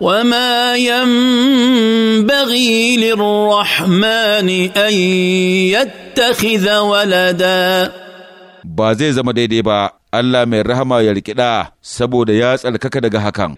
وما ينبغي للرحمن أن يتخذ ولدا ba zai zama daidai ba Allah mai rahama ya riƙi saboda ya tsalkaka daga hakan.